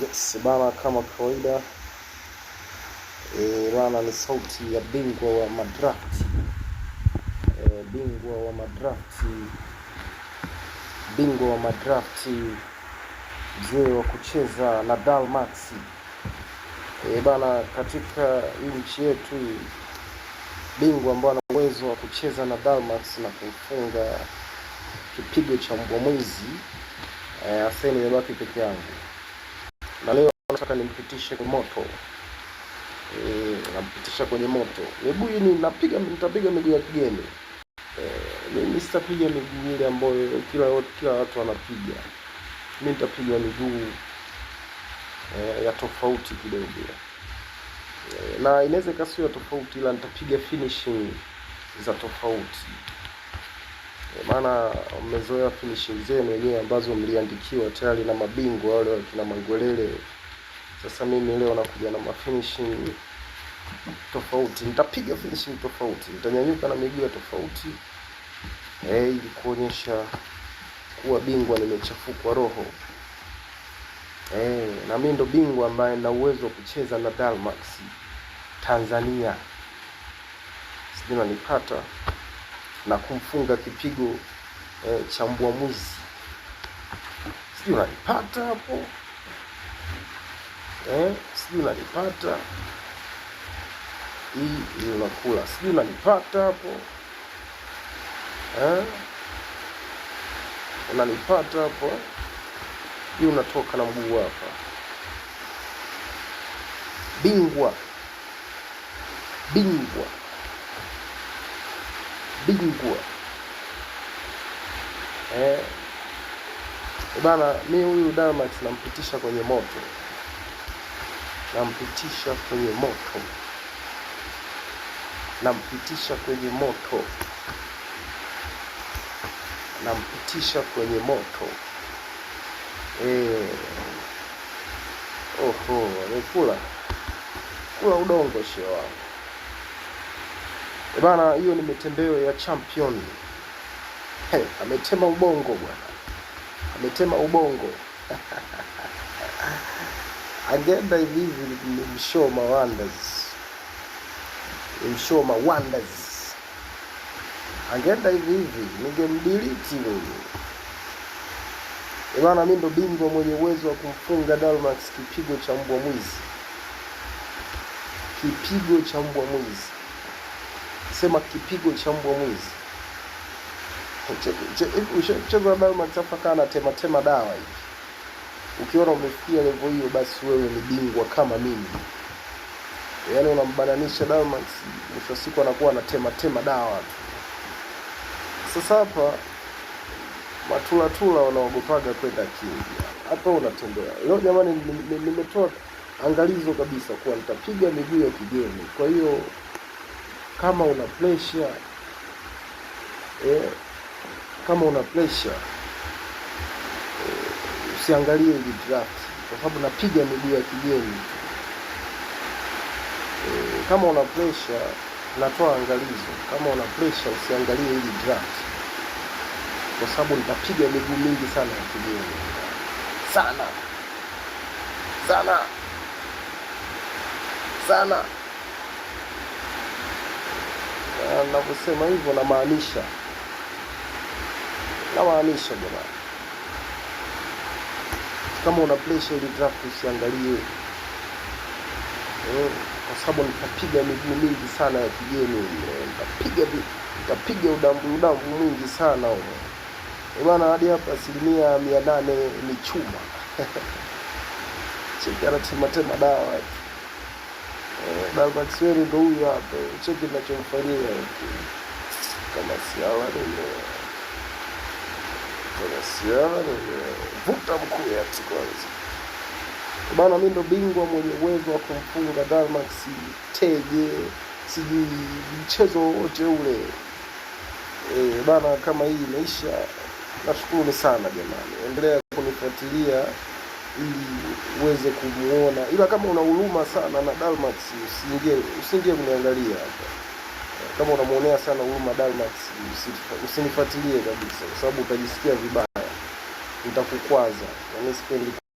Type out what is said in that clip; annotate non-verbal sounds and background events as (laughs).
Yes, bana, kama kawaida e, bana ni sauti ya bingwa wa madrafti e, bingwa wa madrafti bingwa wa madrafti mzee wa kucheza na Dalmax e, bana, katika hii nchi yetu bingwa ambayo ana uwezo wa kucheza na Dalmax na kumfunga kipigo cha mbwa mwizi e, Aseni imebaki peke yangu na leo nataka nimpitishe kwa moto e, nampitisha kwenye moto miguu ni napiga, nitapiga miguu ya kigeni e, mimi sitapiga miguu ile ambayo kila kila watu wanapiga. Mimi nitapiga miguu e, ya tofauti kidogo e, na inaweza ikasiwa tofauti, ila nitapiga finishing za tofauti kwa maana mmezoea finishing zenu wenyewe ambazo mliandikiwa tayari na mabingwa wale wakina Mangwelele. Sasa mimi leo nakuja na mafinishing tofauti, nitapiga finishing tofauti, nitanyanyuka na miguu ya tofauti hey, eh, ili kuonyesha kuwa bingwa nimechafukwa roho eh, na mimi ndo bingwa ambaye na uwezo wa kucheza na Dalmax Tanzania, sijui nanipata na kumfunga kipigo e, cha mbwa mwizi. Sijui unalipata hapo eh, sijui unalipata hii unakula, sijui unalipata hapo eh, unalipata hapo hii unatoka na mguu hapa. Bingwa bingwa bingwa eh, bana. Mi huyu Damax nampitisha kwenye moto, nampitisha kwenye moto, nampitisha kwenye moto, nampitisha kwenye moto eh. Oho, amekula kula udongo, shio wangu. E bana, hiyo ni mitembeo ya champion. He, ametema ubongo bwana, ametema ubongo (laughs) agenda hivi hivi nimshow mawonders, nimshow wonders. angeenda hivi hivi ningemdiliti mimi. E eh, bana, mi ndo bingwa mwenye uwezo wa kumfunga Dalmax kipigo cha mbwa mwizi, kipigo cha mbwa mwizi wanasema kipigo cha mbwa mwizi. Mchezo wa Diamond kana kaa tema dawa hivi. Ukiona umefikia level hiyo, basi wewe ni bingwa kama mimi. Yaani unambananisha Diamond, mwisho siku anakuwa tema dawa tu. Sasa hapa matulatula wanaogopaga kwenda kingi hapa, unatembea leo. Jamani, nimetoa angalizo kabisa kuwa nitapiga miguu ya kigeni, kwa hiyo kama una pressure eh, kama una pressure eh, usiangalie hili draft, kwa sababu napiga miguu ya kigeni eh, kama una pressure natoa angalizo, kama una pressure usiangalie hii draft, kwa sababu nitapiga miguu mingi sana ya kigeni sana sana sana anavyosema hivyo namaanisha, namaanisha bwana, kama una pressure ile draft usiangalie eh, kwa sababu nitapiga miguu mingi sana ya kigeni, eh, nitapiga nitapiga udambu udambu mwingi sana huko eh, bwana, hadi hapa asilimia mia nane ni chuma (laughs) cheki anatimatema dawa Balbakseri ndo huyu hapa, cheki nachomfanyia kama siawa nenyewe, kama siawa nenyewe, vuta mkuu ya kwanza bana. Mi ndo bingwa mwenye uwezo wa kumfunga Dalmax Teje, sijui mchezo wote ule e, bana. Kama hii imeisha, nashukuruni sana jamani, endelea kunifuatilia ili uweze kumuona, ila kama una huruma sana na Dalmax usiingie usiingie kuniangalia hapa. Kama unamuonea sana huruma Dalmax usinifuatilie kabisa, kwa sababu utajisikia vibaya, nitakukwaza na mimi sipendi.